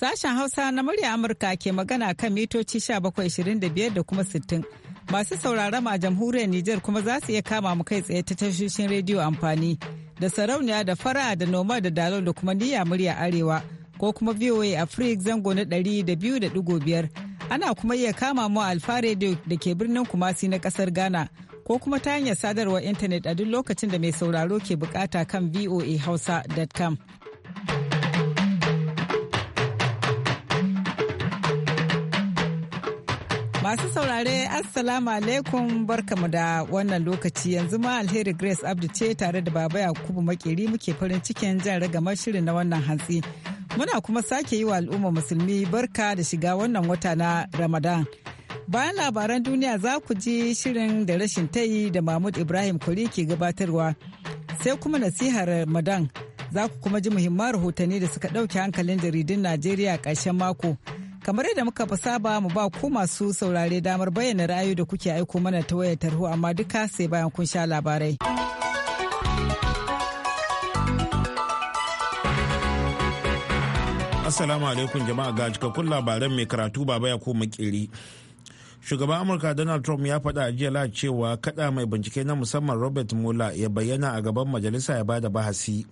Sashen Hausa na murya Amurka ke magana kan mitoci 1725 da kuma 60. Masu sauraron a jamhuriyar Nijar kuma za su iya kama mu kai tsaye ta tashoshin rediyo amfani da sarauniya da fara da noma da dalo da kuma niyya murya arewa ko kuma VOA Africa zango na biyar ana kuma iya kama mu alfa rediyo da ke birnin Kumasi na kasar Ghana ko kuma ta hanyar sadarwar intanet a duk lokacin da mai sauraro ke bukata kan voahausa.com. Masu saurare Assalamu alaikum barkamu da wannan lokaci yanzu ma alheri Grace Abdu ce tare da Baba Yakubu Makeri muke farin cikin jan ragamar shirin na wannan hantsi. Muna kuma sake yi wa al'umma musulmi barka da shiga wannan wata na Ramadan. Bayan labaran duniya za ku ji shirin da rashin tayi da Mahmud Ibrahim Kuri ke gabatarwa. Sai kuma nasihar Ramadan za ku kuma ji muhimman rahotanni da suka ɗauke hankalin jaridun Najeriya ƙarshen mako. kamar yadda muka fi saba mu ba ku masu saurare damar bayyana ra'ayoyi da kuke aiko mana ta wayar tarho amma duka sai bayan kun sha labarai. Assalamu alaikum jama'a ga cikakkun labaran mai karatu baba ya koma kiri. Shugaban Amurka Donald Trump ya faɗa a jiya cewa kaɗa mai bincike na musamman Robert Mueller ya bayyana a gaban majalisa ya bada bahasi.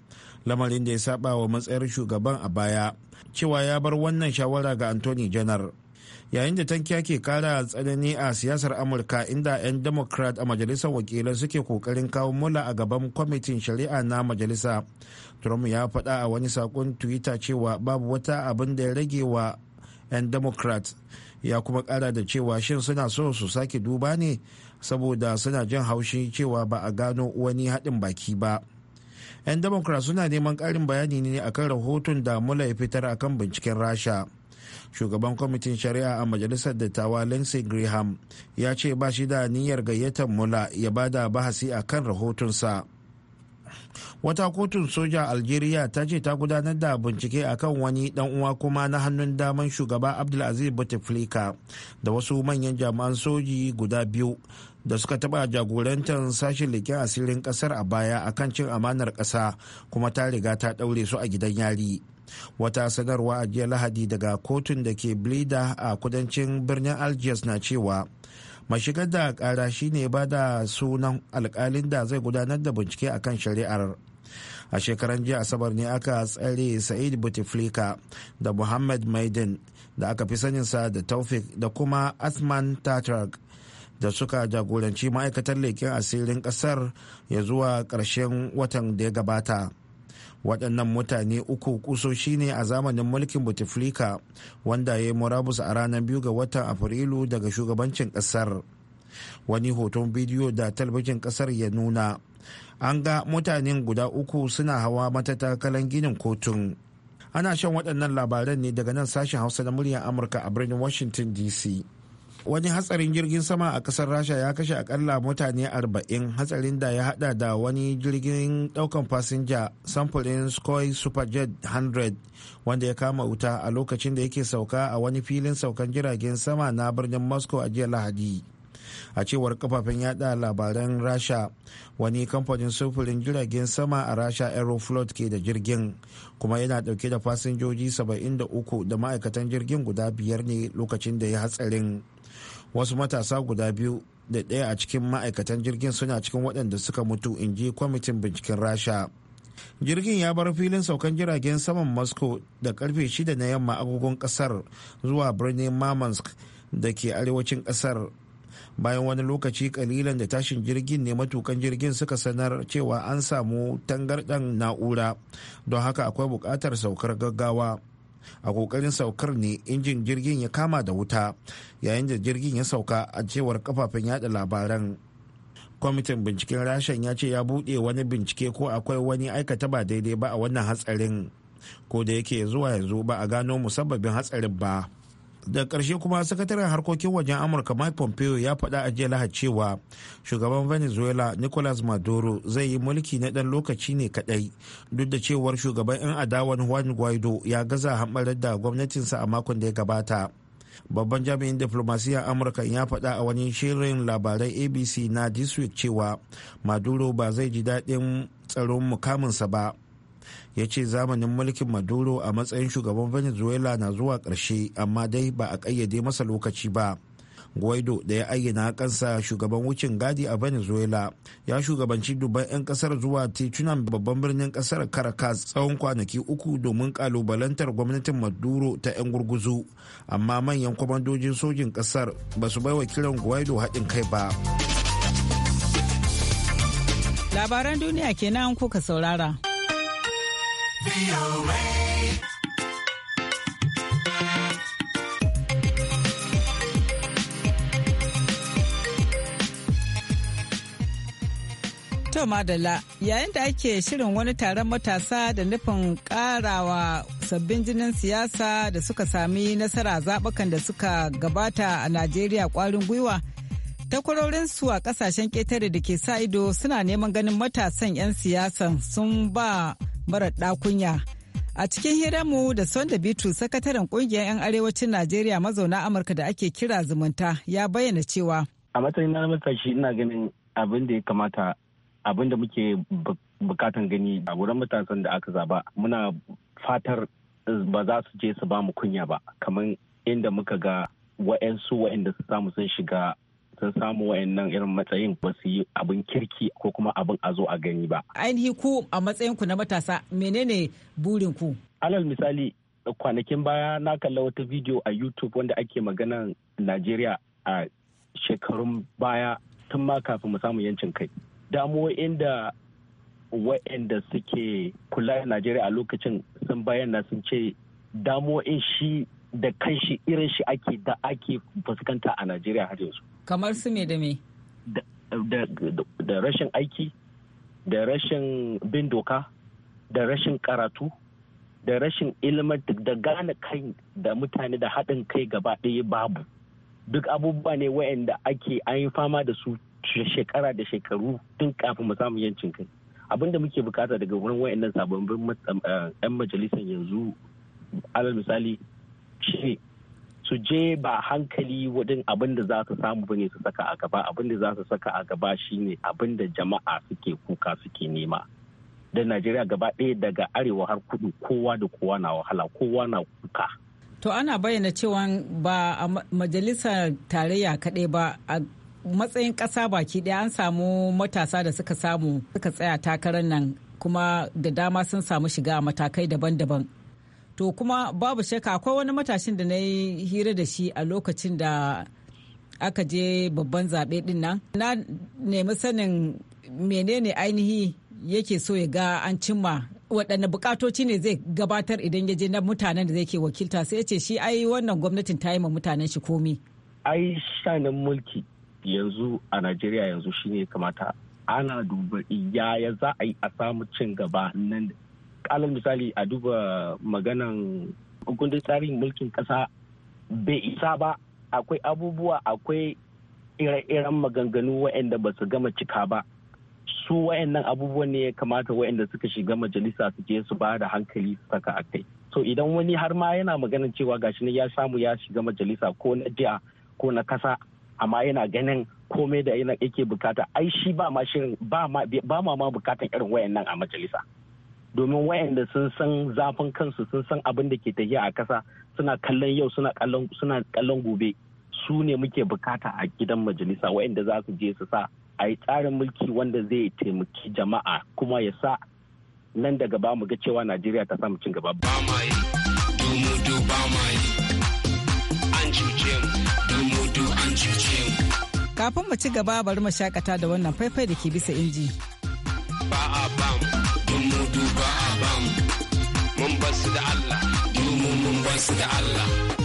lamarin da ya saba wa matsayar shugaban a baya cewa ya bar wannan shawara ga anthony janar yayin da tankiya ke kara tsanani a siyasar amurka inda 'yan democrat a majalisar wakilai suke kokarin kawo mula a gaban kwamitin shari'a na majalisa trump ya faɗa a wani sakon twitter cewa babu wata abin da ya rage wa 'yan democrat ya kuma kara da cewa shin suna so su sake duba ne saboda suna jin haushi cewa ba a gano wani haɗin baki ba. 'yan democrat suna neman ƙarin bayani ne akan rahoton da mula ya fitar akan binciken rasha shugaban kwamitin shari'a a majalisar dattawa lindsey graham ya ce ba shi da niyyar gayyatar mula ya bada bahasi akan kan rahotonsa wata kotun soja algeria ta ce ta gudanar da bincike akan wani dan uwa kuma na hannun daman shugaba abdulaziz bouteflika da wasu manyan jami'an soji guda biyu da suka taɓa jagorantar sashen leƙen asirin ƙasar a baya a kan cin amanar ƙasa kuma ta riga ta ɗaure su a gidan yari wata sanarwa a jiya lahadi daga kotun da ke blida a kudancin birnin algiers na cewa mashigar da kara shine ba da sunan alkalin da zai gudanar da bincike a kan shari'ar a shekaran jiya asabar ne aka tsare sa'id Bouteflika da muhammad maidin da aka fi saninsa da taufik da kuma athman tatrak da suka jagoranci ma'aikatar leƙen asirin ƙasar ya zuwa ƙarshen watan da ya gabata waɗannan mutane uku ƙusoshi ne a zamanin mulkin bouteflika wanda ya yi murabus a ranar biyu ga watan afrilu daga shugabancin ƙasar wani hoton bidiyo da talbijin ƙasar ya nuna an ga mutanen guda uku suna hawa matatakalan ginin kotun ana shan waɗannan labaran ne daga nan sashen hausa na muryar amurka a birnin washington dc wani hatsarin jirgin sama a kasar rasha ya kashe akalla mutane 40 hatsarin da ya hada da wani jirgin daukan fasinja samfurin skoy superjet 100 wanda ya kama wuta a lokacin da yake sauka a wani filin saukan jiragen sama na birnin moscow a jiya lahadi a cewar kafafen yada labaran rasha wani kamfanin sufurin jiragen sama a rasha aeroflot ke da jirgin kuma yana dauke da fasinjoji 73 da ma'aikatan jirgin guda biyar ne lokacin da ya hatsarin wasu matasa guda biyu da ɗaya a cikin ma'aikatan jirgin suna cikin waɗanda suka mutu in ji kwamitin binciken rasha jirgin ya bar filin saukan jiragen saman moscow da karfe shida na yamma agogon ƙasar zuwa birnin mamansk da ke arewacin ƙasar. bayan wani lokaci kalilan da tashin jirgin ne matukan jirgin suka sanar cewa an samu tangarɗan na'ura don haka akwai buƙatar saukar gaggawa a kokarin saukar ne injin jirgin ya kama da wuta yayin da jirgin ya sauka a cewar kafafen yada labaran kwamitin binciken rashin ya ce ya buɗe wani bincike ko akwai wani aikata ba daidai ba a wannan hatsarin ko da yake zuwa yanzu ba a gano musabbabin hatsarin ba da ƙarshe kuma sakataren harkokin wajen amurka mike pompeo ya faɗa a jiya lahad cewa shugaban venezuela nicolas maduro zai yi mulki na ɗan lokaci ne kaɗai duk da cewar shugaban 'yan adawan juan guaido ya gaza hamɓarar da gwamnatinsa a makon da ya gabata babban jami'in diplomasiyyar amurka ya faɗa a wani shirin labarai abc na this cewa maduro ba zai ji daɗin tsaron mukaminsa ba ya ce zamanin mulkin maduro a matsayin shugaban venezuela na zuwa ƙarshe amma dai ba a ƙayyade masa lokaci ba guaido da ya ayyana kansa shugaban wucin gadi a venezuela ya shugabanci dubban 'yan kasar zuwa titunan babban birnin kasar caracas tsawon kwanaki uku domin kalubalantar gwamnatin maduro ta 'yan gurguzu amma manyan kwamandojin sojin kasar ba su baiwa kiran guaido haɗin kai ba labaran duniya kenan kuka saurara To Madalla yayin da ake shirin wani taron matasa da nufin karawa sabbin jinin siyasa da suka sami nasara zaɓukan da suka gabata a Najeriya ƙwarin gwiwa. Takwarorinsu a ƙasashen ƙetare da ke sa ido suna neman ganin matasan 'yan siyasan sun ba marar ɗakunya. A cikin mu da Sonda Bitu, sakataren kungiyar 'yan arewacin Najeriya mazauna Amurka da ake kira zumunta ya bayyana cewa. A matsayin na matashi ina ganin abin da ya kamata abin da muke bukatan gani a wurin matasan da aka zaba muna fatar eh, ba za su je su ba mu kunya ba kamar inda muka ga wa'yansu wa'yanda su samu sun shiga sun samu wayannan irin matsayin ba su yi abin kirki ko kuma abin a zo a gani ba. Ainihi ku a matsayin ku na matasa menene burin ku? Alal misali kwanakin baya na kalla wata bidiyo a YouTube wanda ake maganan Najeriya a shekarun baya tun ma kafin mu samu yancin kai. Damuwa inda wa'anda suke kula da Najeriya a lokacin sun bayyana sun ce damuwa in shi da kanshi irin shi ake da ake fuskanta a najeriya har yanzu kamar su me da me da rashin aiki da rashin bin doka da rashin karatu da rashin ilimin da gane kai da mutane da haɗin kai gaba ɗaya babu duk abubuwa ne wayanda ake an yi fama da su shekara da shekaru tun kafin mu samu yancin kai abin da muke bukata daga wurin nan sababbin eh, 'yan majalisar yanzu alal misali cire su je ba hankali wajen abin da za su samu bane su saka a gaba abin da za su saka a gaba shine abin da jama'a suke kuka suke nema da najeriya gaba ɗaya daga arewa har kudu kowa da kowa na wahala kowa na kuka to ana bayyana cewa ba a majalisa tarayya kaɗai ba a matsayin ƙasa baki ɗaya an samu matasa da suka samu suka tsaya takarar nan kuma da dama sun samu shiga a matakai daban-daban to kuma babu shakka akwai wani matashin da na yi hira da shi a lokacin da aka je babban zaɓe ɗin nan na nemi sanin menene ainihi yake so ya ga an cimma waɗanne buƙatoci ne zai gabatar idan ya je na mutanen da zai ke wakilta sai ya ce shi ai wannan gwamnatin ta yi ma mutanen shi komi ai shanin mulki yanzu a najeriya yanzu shine kamata ana duba yaya za a yi a samu cin gaba nan alal misali a duba maganan kundin tsarin mulkin kasa bai isa ba akwai abubuwa akwai ire-iren maganganu waɗanda ba su gama cika ba su waɗannan abubuwan ne ya kamata waɗanda suka shiga majalisa su je su ba da hankali su saka a kai so idan wani har ma yana maganin cewa gashi ne ya samu ya shiga majalisa ko na jiya ko na kasa amma yana ganin komai da yake bukata ai shi ba ma shirin ba ma ma bukatan irin wayannan a majalisa domin wayanda sun san zafin kansu sun san abin da ke tafiya a ƙasa suna kallon yau suna kallon gobe su ne muke bukata a gidan majalisa wayanda za su je su sa a yi tsarin mulki wanda zai taimaki jama'a kuma ya sa nan daga ba mu ga cewa najeriya ta samu cin gaba. mu kafin mu ci gaba bari mu shakata da wannan faifai da ke bisa inji. ba a ba mun basu da Allah, mun mun basu da Allah.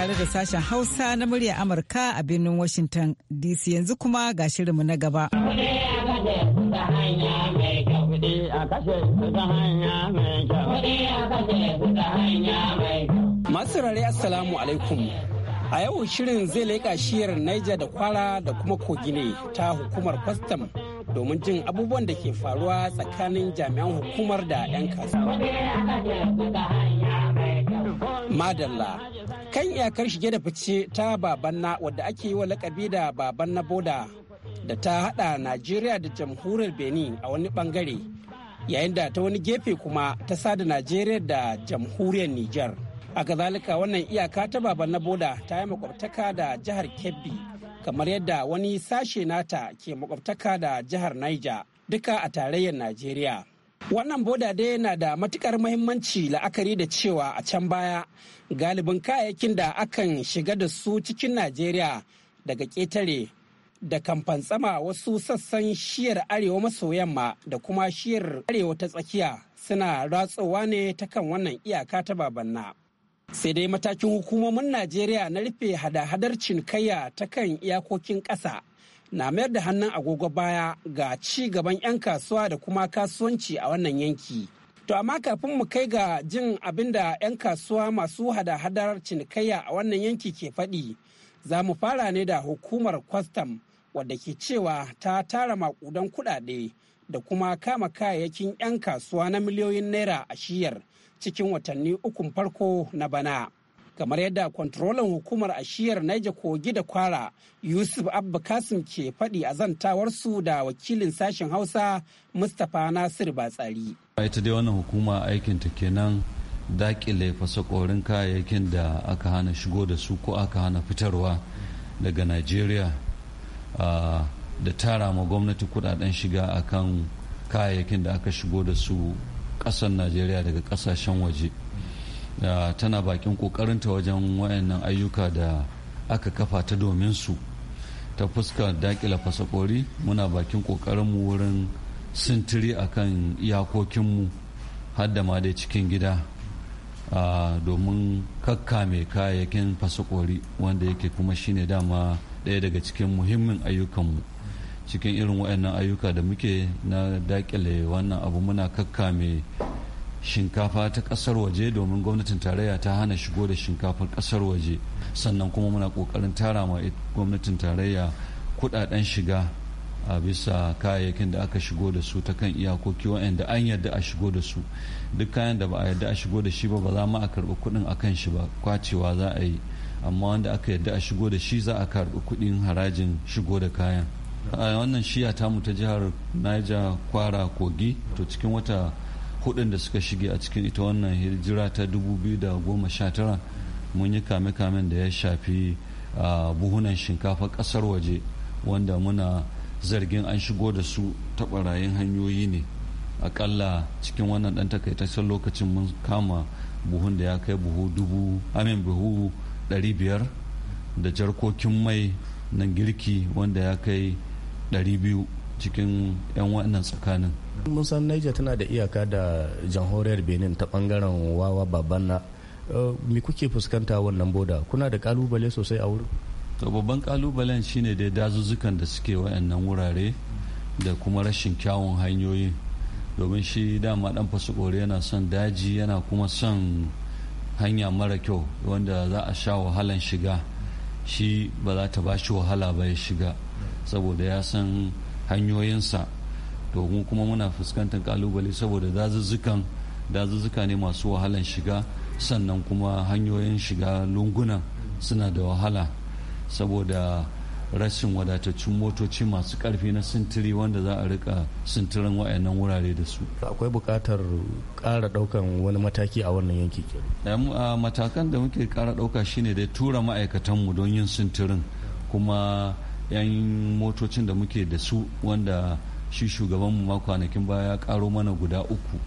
tare da sashen Hausa na murya Amurka a birnin Washington DC yanzu kuma ga shirinmu na gaba. Masu rare Assalamu alaikum. A yau shirin zai leƙa shiyar Niger da Kwara da kuma Kogine ta hukumar kwastam domin jin abubuwan da ke faruwa tsakanin jami'an hukumar da 'yan kasuwa. Madalla kan iyakar shige da fice ta babanna wadda ake yi wa lakabi da na boda da ta hada Najeriya da jamhuriyar Benin a wani bangare yayin da ta wani gefe kuma ta sada Najeriya da jamhuriyar Nijar. A gazalika wannan iyaka ta na boda ta yi makwabtaka da jihar Kebbi kamar yadda wani sashe nata ke makwabtaka da jihar Niger duka a tarayyar Najeriya. Wannan boda dai yana da matukar mahimmanci la'akari da cewa a can baya galibin kayayyakin da akan shiga da su cikin Najeriya daga ƙetare da kamfan tsama wasu sassan shiyar arewa maso yamma da kuma shiyar arewa ta tsakiya suna ratsowa ne ta kan wannan iyaka ta babanna. sai dai matakin hukumomin najeriya na rufe hada-hadar cinikayya ta kan iyakokin ƙasa na mayar da hannun agogo baya ga ci gaban 'yan kasuwa da kuma kasuwanci a wannan yanki to amma kafin mu kai ga jin abin da 'yan kasuwa masu hada-hadar cinikayya a wannan yanki ke faɗi za mu fara ne da hukumar kwastam wadda ke cewa ta tara makudan kuɗaɗe da kuma kama kayayyakin 'yan kasuwa na miliyoyin naira a shiyar cikin watanni ukun farko na bana. kamar yadda kwantrolan hukumar ashiyar Niger kogi da kwara yusuf abba kasim ke faɗi a zantawarsu da wakilin sashen hausa mustapha nasir batsari ita dai wannan hukuma aikinta kenan dakile fasakorin kayayyakin da aka hana shigo da su ko aka hana fitarwa daga nigeria da tara ma gwamnati kudaden shiga akan kayayyakin da aka shigo da su kasar najeriya daga kasashen waje tana bakin ƙoƙarinta wajen wayannan ayyuka da aka kafa ta domin su ta fuska dakila fasakori muna bakin mu wurin sintiri a kan iyakokinmu hadda da ma dai cikin gida domin kakkame kayayyakin fasakori wanda yake kuma shine dama daya daga cikin muhimmin ayyukanmu cikin irin wayannan ayyuka da muke na dakile wannan abu muna kakkame shinkafa ta kasar waje domin gwamnatin tarayya ta hana shigo da shinkafar kasar waje sannan kuma muna kokarin tara ma gwamnatin tarayya kudaden shiga a bisa kayayyakin da aka shigo da su ta kan iyakoki wa'anda an yadda a shigo da su duk kayan da ba a yadda a shigo da shi ba ba za mu a karɓi kuɗin a kan shi ba kwacewa za a yi amma wanda aka yadda a shigo da shi za a karɓi kuɗin harajin shigo da kayan a wannan shiya tamu ta jihar naija kwara kogi to cikin wata hudun da suka shige a cikin ita wannan hijira ta 2019 mun yi kame-kamen da ya shafi buhunan shinkafa kasar waje wanda muna zargin an shigo da su taɓarayin hanyoyi ne akalla cikin wannan ɗan takaitaccen lokacin mun kama buhun da ya kai buhu dubu amin buhu 500 da jarkokin mai na girki wanda ya kai 200 cikin 'yan wannan tsakanin mun san niger tana da iyaka da jamhuriyar benin ta ɓangaren wawa babanna eh, me kuke fuskanta wannan boda kuna da kalubale sosai a wurin to babban kalubalen shine dai dazuzzukan da suke wa'annan wurare da kuma rashin kyawun hanyoyi domin shi dama dan fasikori yana son daji yana kuma son hanya mara kyau wanda za a sha wahalan shiga shi ba za ta ba wahala ba ya shiga saboda ya san hanyoyinsa to mu kuma muna fuskantar kalubale saboda dazuzzukan dazuzzuka ne masu wahalan shiga sannan kuma hanyoyin shiga lunguna suna da wahala saboda rashin wadataccen motoci masu karfi na sintiri wanda za a rika sintirin wayannan wurare da su akwai bukatar kara daukan wani mataki a wannan yanki eh, ah, matakan da muke kara dauka shine da tura ma'aikatanmu don yin sintirin kuma 'yan motocin da muke da su wanda shi shugabanmu ma kwanakin baya ya karo mana guda uku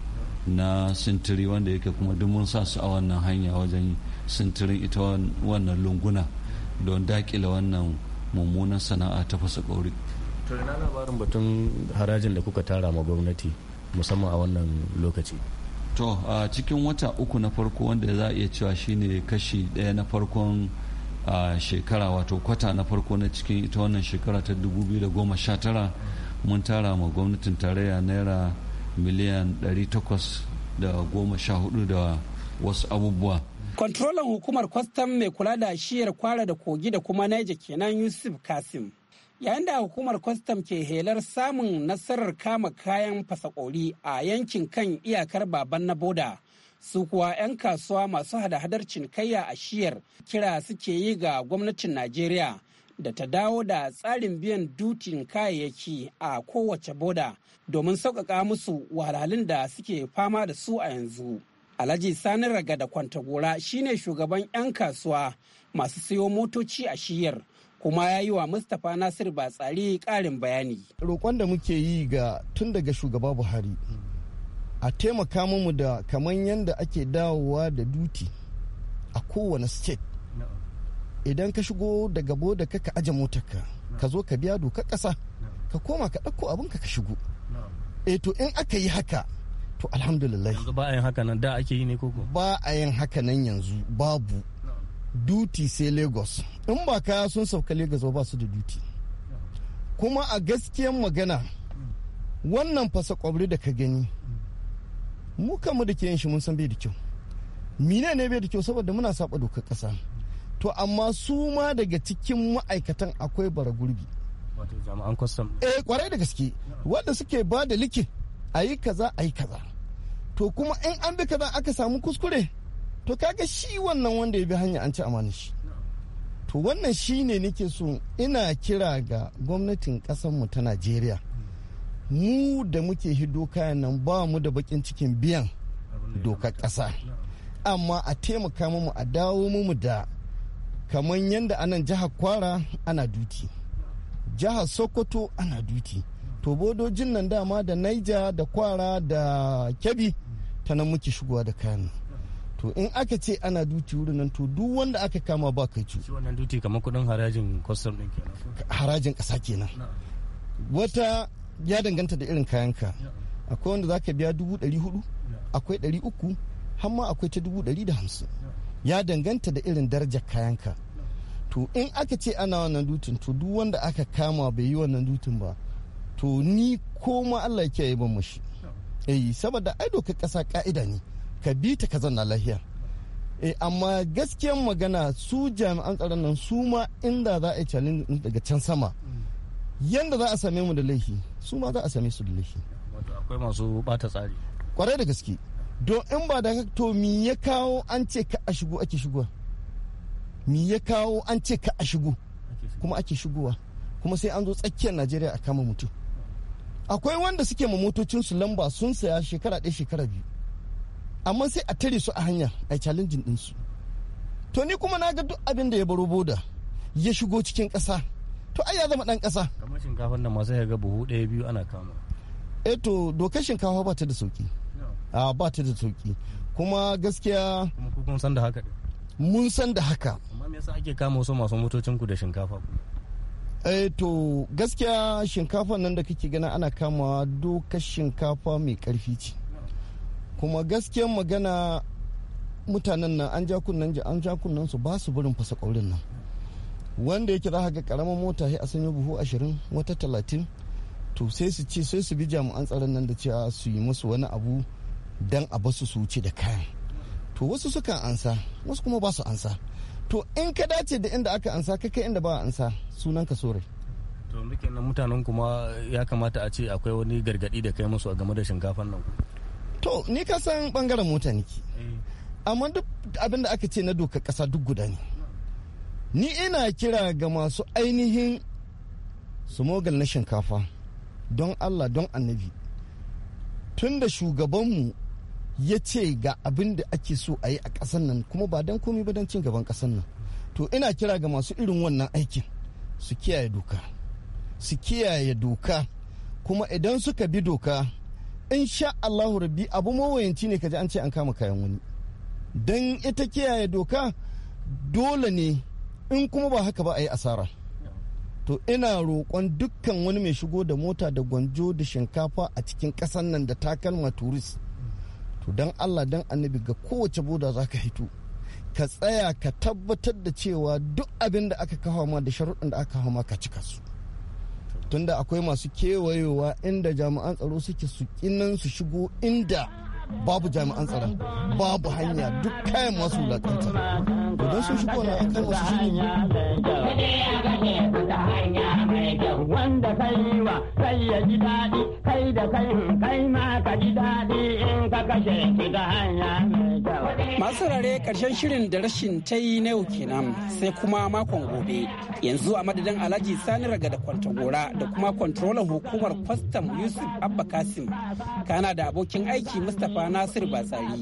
na sintiri wanda yake kuma duk mun sa su a wannan hanya wajen sintirin ita wannan lunguna don dakile wannan mummunan sana'a ta fasa kauri. to ina labarin batun harajin da kuka tara ma gwamnati musamman a wannan lokaci to a cikin wata uku na farko wanda za a iya cewa shine kashi ɗaya na farkon a shekara wato kwata na farko na cikin ita wannan shekara ta 2019 mun tara ma gwamnatin tarayya naira miliyan 814 da goma sha hudu da wasu abubuwa Kontrolan hukumar kwastam mai kula da shiyar kwara da kogi da kuma Naija kenan Yusuf Kasim. Yayin da hukumar kwastam ke helar samun nasarar kama kayan fasakori a yankin kan iyakar baban na boda. su kuwa 'yan kasuwa masu hada-hadar cinikayya a shiyar kira suke yi ga gwamnatin najeriya da ta dawo da tsarin biyan dutin kayayyaki a kowace boda domin sauƙaƙa musu wahalhalun da suke fama da su a yanzu alhaji sani raga da kwantagora shine shugaban 'yan kasuwa masu siyo motoci a shiyar kuma ya yi wa mustapha nasir batsari ƙarin bayani roƙon da muke yi ga tun daga shugaba buhari a taimaka mu da kamar yadda ake dawowa da duti a kowane state idan ka shigo daga da ka aje motarka ka zo ka biya doka ƙasa ka koma ka ɗauko abin ka shigo eh to in aka yi haka to alhamdulillah ba a yin haka nan da ake yi ne koko ba a yin haka nan yanzu babu duty sai lagos in ba kaya sun sauka lagos ba su da duty kuma a gaskiyan magana mm. wannan fasa kwabri da ka gani mm. mu mu da ke yin shi mun san bai da kyau mine ne bai da kyau saboda muna saba dokar kasa to amma su ma daga cikin ma'aikatan akwai bara gurbi eh kwarai da gaske wanda suke ba da like a yi kaza a yi kaza to kuma in an bi kaza aka samu kuskure to kaga shi wannan wanda ya bi hanya an ci amana shi to wannan shi ne nake so ina kira ga gwamnatin mu ta najeriya mu da muke hido kayan nan ba mu da bakin cikin biyan dokar ƙasa amma a taimaka mu a dawo mu da kamar yadda anan jihar kwara ana duti jihar sokoto ana duti to bodojin nan dama da naija da kwara da kebbi ta nan muke shigowa da kayan to in aka ce ana duti wurin nan to duk wanda aka kama ba kai ci wannan duti kamar kudin harajin kwastam din kenan harajin kasa kenan wata ya danganta da irin kayanka akwai wanda za ka biya dubu ɗari hudu akwai ɗari uku hamma akwai ta dubu ɗari da hamsin ya danganta da irin darajar kayanka to in aka ce ana wannan dutin to duk wanda aka kama bai yi wannan dutin ba to ni ko ma Allah ya yi ban mushi eh saboda ai doka kasa ka'ida ne ka bi ta ka zanna lahiya e amma gaskiyan magana su jami'an tsaron nan su ma inda za a yi challenge daga can sama mm. yanda za a same mu da laifi su ma za a same su da laifi akwai masu bata tsari kwarai da gaske don in ba da to mi ya kawo an ce ka a shigo ake shigowa mi ya kawo an ce ka a shigo kuma ake shigowa kuma sai an zo tsakiyar najeriya a kama mutum akwai wanda suke ma motocinsu lamba sun saya shekara ɗaya shekara biyu amma sai a tare su a hanya a challenging ɗinsu to ni kuma na ga duk abin da ya baro boda ya shigo cikin ƙasa to ai ya zama dan kasa kamar shinkafar nan masu ga buhu ɗaya biyu ana kama eh to dokar shinkafa ba ta da sauki a ba ta da sauki kuma gaskiya kuma kun san da haka mun san da haka amma me yasa ake kama wasu masu motocin ku da shinkafa ku. eh to gaskiya shinkafa nan da kake gana ana kama dokar shinkafa mai karfi ce kuma gaskiyar magana mutanen nan an ja kunnen an ja kunnan su ba su barin fasa kaurin nan wanda yake za ga karamar mota ya a sanyo buhu ashirin wata talatin to sai su ce sai su bi jami'an tsaron nan da cewa su yi musu wani abu dan a basu su wuce da kayan to wasu sukan ansa wasu kuma ba su ansa to in ka dace da inda aka ansa ka kai inda ba ansa sunan ka sore to muke nan mutanen kuma ya kamata a ce akwai wani gargadi da kai musu a game da shinkafan nan to ni ka san bangaren mota niki eh. amma duk abin da aka ce na doka kasa duk guda ne ni ina kira ga masu ainihin sumogal na shinkafa don allah don annabi tun da shugabanmu ya ce ga abin da ake so a yi a ƙasar nan kuma ba don komi ba don cin gaban ƙasar nan to ina kira ga masu irin wannan aikin su kiyaye doka su kiyaye doka kuma idan suka bi doka sha allahu rabbi abu mawayanci ne kaji an ce an kama kayan wani don ita kiyaye doka dole ne in kuma ba haka ba a yi asara to ina roƙon dukkan wani mai shigo da mota da gwanjo da shinkafa a cikin ƙasan nan da takalma turis to don allah don annabi ga kowace boda za ka hito ka tsaya ka tabbatar da cewa duk abin da aka kawo ma da sharuɗin da aka kawo ka cika su tunda akwai masu kewayowa inda jami'an tsaro suke su kinan su shigo inda babu jami'an tsaron babu hanya duk kayan masu wulakanta don sun shigo na an kai wasu shi wanda kai wa kai ya ji daɗi kai da kai kai ma ka ji daɗi in ka kashe ki ta hanya mai kyau Masu rare karshen shirin da rashin ta yi na yau kenan sai kuma makon gobe. Yanzu a madadin Alhaji Sani Raga da Kwantagora da kuma kwantarolar hukumar kwastam Yusuf Abba Kasim. Kana da abokin aiki Mustapha Nasir Batsari.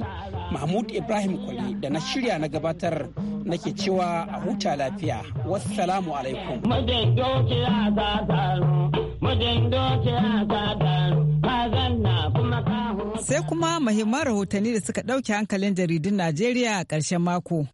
Mahmud Ibrahim Kwali da na shirya na gabatar ke cewa a huta lafiya. Wassalamu alaikum. Sai kuma mahimman rahotanni da suka ɗauke hankalin jaridun arewacin Najeriya a ƙarshen mako.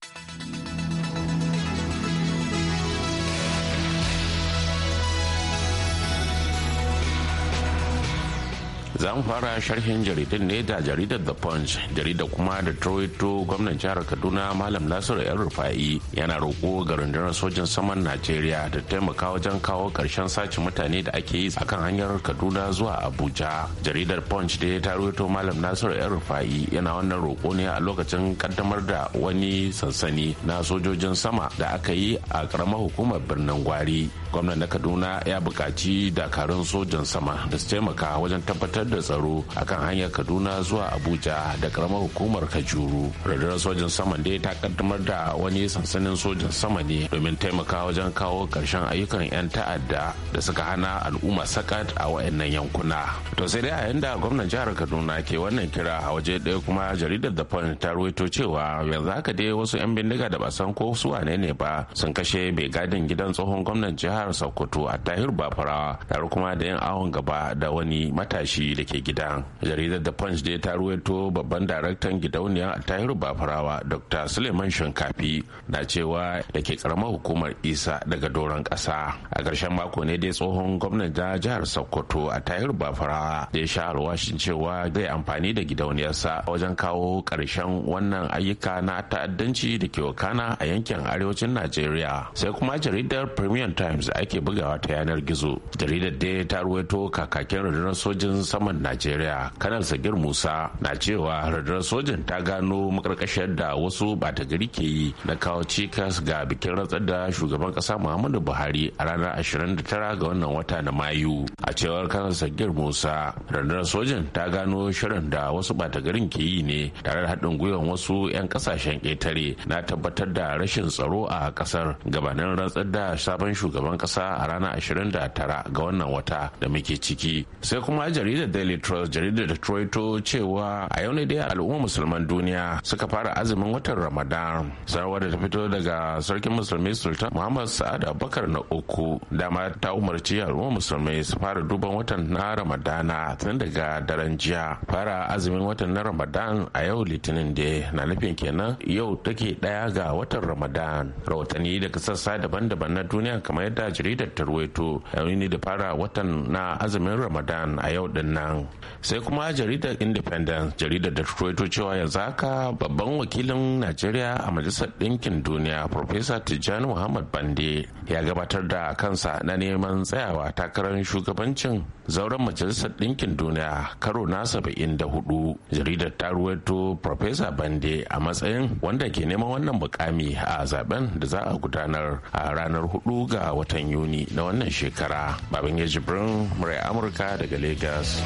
za fara sharhin jaridun ne da jaridar the punch jarida kuma da troito gwamnan jihar kaduna malam nasiru yan rufa'i yana roƙo ga rundunar sojin saman najeriya da taimaka wajen kawo ƙarshen sace mutane da ake yi akan hanyar kaduna zuwa abuja jaridar punch da ta ruwaito malam nasiru yan rufa'i yana wannan roƙo ne a lokacin kaddamar da wani sansani na sojojin sama da aka yi a ƙaramar hukumar birnin gwari gwamnan na kaduna ya buƙaci dakarun sojan sama da su taimaka wajen tabbatar da tsaro akan hanyar kaduna zuwa abuja da karamar hukumar kajuru rundunar sojan sama da ta kaddamar da wani sansanin sojan sama ne domin taimaka wajen kawo ƙarshen ayyukan 'yan ta'adda da suka hana al'umma sakat a wayannan yankuna to sai dai a yanda gwamnan jihar kaduna ke wannan kira a waje ɗaya kuma jaridar da point ta ruwaito cewa yanzu haka dai wasu 'yan bindiga da ba san ko su wane ne ba sun kashe mai gadin gidan tsohon gwamnan jihar jihar sokoto a tahir bafarawa tare kuma da yin awon gaba da wani matashi da ke gida jaridar da punch dai ta ruwaito babban daraktan gidauniya a tahir bafarawa dr suleiman shinkafi na cewa da ke karamar hukumar isa daga doron kasa a ƙarshen mako ne dai tsohon gwamnan jihar sokoto a tahir bafarawa da ya sha alwashin cewa zai amfani da gidauniyarsa wajen kawo ƙarshen wannan ayyuka na ta'addanci da ke wakana a yankin arewacin najeriya sai kuma jaridar premium times da ake bugawa ta yanar gizo jaridar da ta ruwaito kakakin rundunar sojin saman najeriya kanar sagir musa na cewa rundunar sojin ta gano makarkashiyar da wasu bata gari ke yi na kawo cikas ga bikin ratsar da shugaban kasa muhammadu buhari a ranar tara ga wannan wata na mayu a cewar kanal sagir musa rundunar sojin ta gano shirin da wasu bata garin ke yi ne tare da haɗin gwiwan wasu 'yan kasashen ƙetare na tabbatar da rashin tsaro a ƙasar gabanin rantsar da sabon shugaban kasa a ranar 29 ga wannan wata da muke ciki sai kuma jaridar daily trust jaridar da troito cewa a yau ne dai al'ummar musulman duniya suka fara azumin watan ramadan sanarwar da ta fito daga sarkin musulmi sultan muhammad sa'ad abubakar na uku dama ta umarci al'ummar musulmai su fara duban watan na ramadana tun daga daren jiya fara azumin watan na ramadan a yau litinin da na nufin kenan yau take daya ga watan ramadan rahotanni daga sassa daban-daban na duniya kamar yadda a jaridar tarwaito ruwaito ne da fara watan na azumin ramadan a yau din nan sai kuma jaridar independence jaridar da tarwaito cewa yanzu haka babban wakilin najeriya a majalisar ɗinkin duniya professor tijjani muhammad bande ya gabatar da kansa na neman tsayawa takarar shugabancin zauren majalisar ɗinkin duniya karo na saba'in da hudu jaridar ta ruwaito professor bande a matsayin wanda ke neman wannan mukami a zaben da za a gudanar a ranar hudu ga watan watan yuni na wannan shekara baban ya jibrin murai amurka daga lagos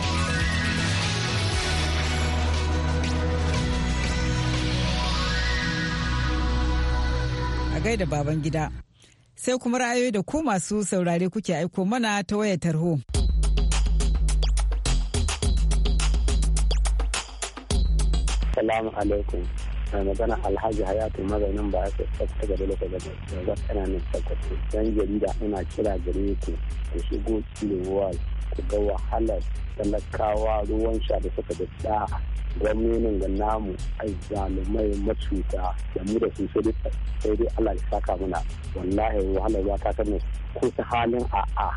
a gaida baban gida sai kuma ra'ayoyi da ku masu saurare kuke aiko mana ta wayar tarho. Salamu alaikum. mai magana alhaji hayatu mazaunin ba aka tsakta gaba da gaba da tsananin tsakwato yan jarida ina kira gare ku ku shigo cilewa ku ga wahalar talakawa ruwan sha da suka da da gwamnonin ga namu azzalumai macuta da mu da su sai dai Allah ya saka muna wallahi wahalar ruwa ta kanu ko ta halin a'a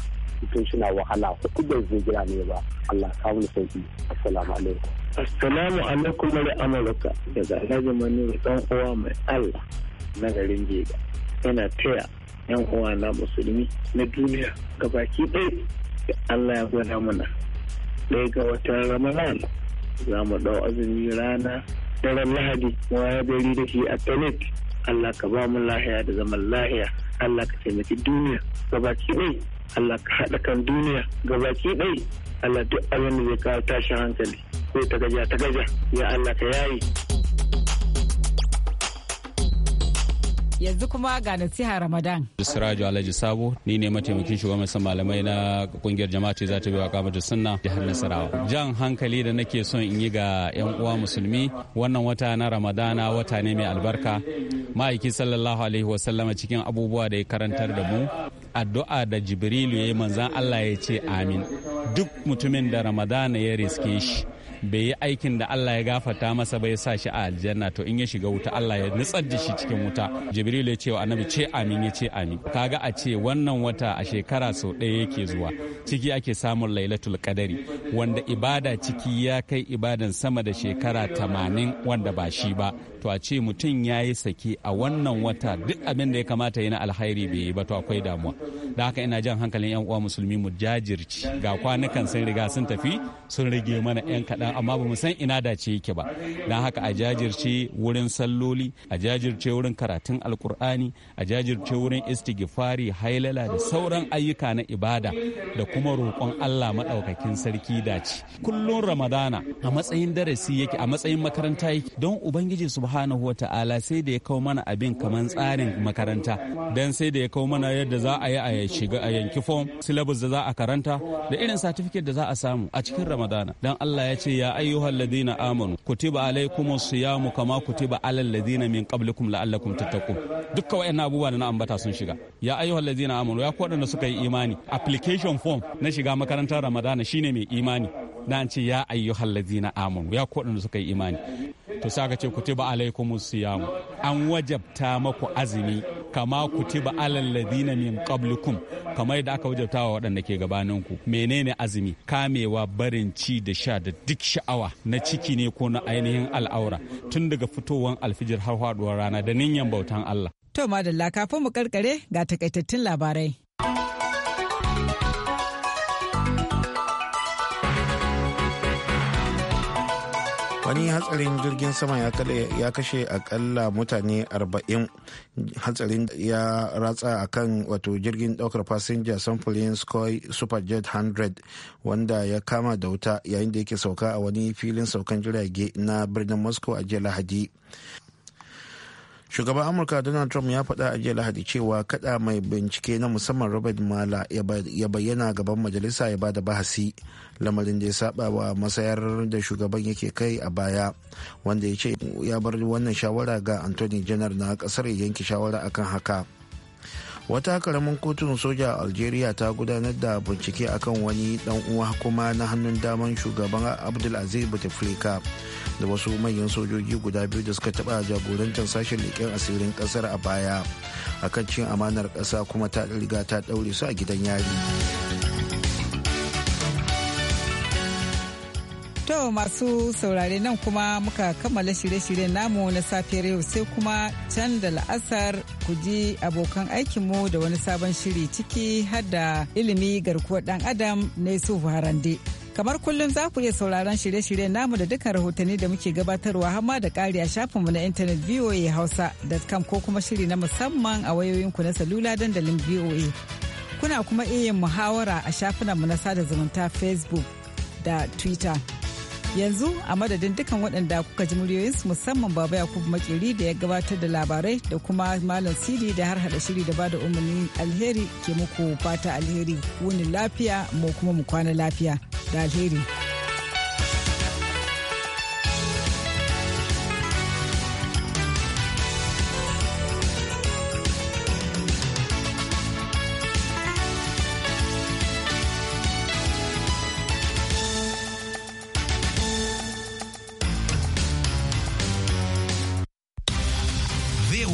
cikin suna wahala ko bai zai gida ne ba Allah ka mu sauki assalamu alaikum assalamu alaikum mai amurka daga alhaji mani dan uwa mai Allah na garin Jega yana taya yan uwa na musulmi na duniya gabaki ɗaya Allah ya gwada mana ɗaya ga watan Ramadan za mu ɗau azumi rana daren Lahadi mu ya gari da shi a Tanet Allah ka ba mu lahiya da zaman lahiya Allah ka taimaki duniya gabaki ɗaya Allah ka haɗa kan duniya ga baki ɗai Allah duk abin da zai kawo tashin hankali ko ta gaja ta gaja ya Allah ka yayi yanzu kuma ga nasiha ramadan siraju alhaji sabo ni ne mataimakin shugaban malamai na kungiyar jama'a ce za ta bi wa kamata sunna jihar nasarawa jan hankali da nake son in yi ga yan uwa musulmi wannan wata na ramadana wata ne mai albarka ma'aiki sallallahu alaihi wasallama cikin abubuwa da ya karantar da mu addu'a da jibrilu ya yi manzan allah ya ce amin duk mutumin da ramadana ya riske shi bai yi aikin da Allah ya gafata masa bai sa shi a aljanna to in ya shiga wuta Allah ya nutsar da shi cikin wuta jibril ya ce wa annabi ce amin ya ce amin kaga a ce wannan wata a shekara sau ɗaya yake zuwa ciki ake samun lailatul qadari wanda ibada ciki ya kai ibadan sama da shekara tamanin wanda ba shi ba to a ce mutum ya yi sake a wannan wata duk abin da ya kamata yi na alhairi bai yi ba to akwai damuwa da haka ina jan hankalin yan uwa musulmi mu jajirci ga kwanukan sun riga sun tafi sun rage mana yan kaɗan amma ba mu san ina da dace yake ba don haka a jajirce wurin salloli a jajirce wurin karatun alkur'ani a jajirce wurin istighfari hailala da sauran ayyuka na ibada da kuma roƙon Allah maɗaukakin sarki dace kullum ramadana a matsayin darasi yake a matsayin makaranta yake don ubangiji subhanahu wata'ala sai da ya kawo mana abin kamar tsarin makaranta don sai da ya kawo mana yadda za a yi a shiga a yanki form syllabus da za a karanta da irin certificate da za a samu a cikin ramadana dan Allah ya ce ya ayyuhal ladina amanu kutiba alaikumus siyamu kama kutiba alal ladina min qablikum la'allakum tattaqun dukkan wayannan abubuwa da na ambata sun shiga ya ayyuhal ladina amanu ya waɗanda suka yi imani application form na shiga makarantar ramadana shine mai imani na ce ya ayyuhal ladina amanu ya waɗanda suka yi imani to sai aka ce kutiba alaikumus siyamu an wajabta maku azumi kama ba alal ladina min qablikum kamar da aka wajabta wa waɗanda ke gabanin ku menene azumi kamewa barin ci da sha da duk sha'awa na ciki ne ko na ainihin al'aura tun daga fitowar alfijir har faduwar rana da ninyan bautan Allah to madalla kafin mu karkare ga takaitattun labarai wani hatsarin jirgin sama ya kashe akalla mutane 40 hatsarin ya ratsa a kan wato jirgin daukar fasinja samfurin sky superjet 100 wanda ya kama da wuta yayin da yake sauka a wani filin saukan jirage na birnin moscow a jiya lahadi shugaban amurka donald trump ya faɗa a jiya lahadi cewa kada mai bincike na musamman robert mala ya bayyana gaban majalisa ya bada bahasi lamarin da ya saba wa masayar da shugaban yake kai a baya wanda ya ce ya bar wannan shawara ga anthony janar na kasar yanke shawara akan haka wata karamin kotun soja a algeria ta gudanar da bincike akan wani dan uwa kuma na hannun daman shugaban abdulaziz bouteflika da wasu manyan sojoji guda biyu da suka taba jagorantar sashen leƙen asirin ƙasar a baya akan cin amanar ƙasa kuma ta riga ta ɗaure su a gidan yari To masu saurare nan kuma muka kammala shirye-shiryen namu na safiyar yau sai kuma can da la'asar ku ji abokan aikinmu da wani sabon shiri ciki har ilimi garkuwar dan adam na su Harande. Kamar kullum za ku iya sauraron shirye-shiryen namu da dukkan rahotanni da muke gabatarwa hamma da ƙari a shafinmu na intanet VOA Hausa.com ko kuma shiri na musamman a wayoyinku na salula dandalin VOA. Kuna kuma iya yin muhawara a shafinanmu na sada zumunta Facebook da Twitter. yanzu a madadin dukan waɗanda kuka ji muryoyinsu musamman baba yakubu makeri da ya gabatar da labarai da kuma malam sidi da har hada shiri da ba da umarni alheri ke muku fata alheri wuni lafiya mu kuma mu kwana lafiya da alheri.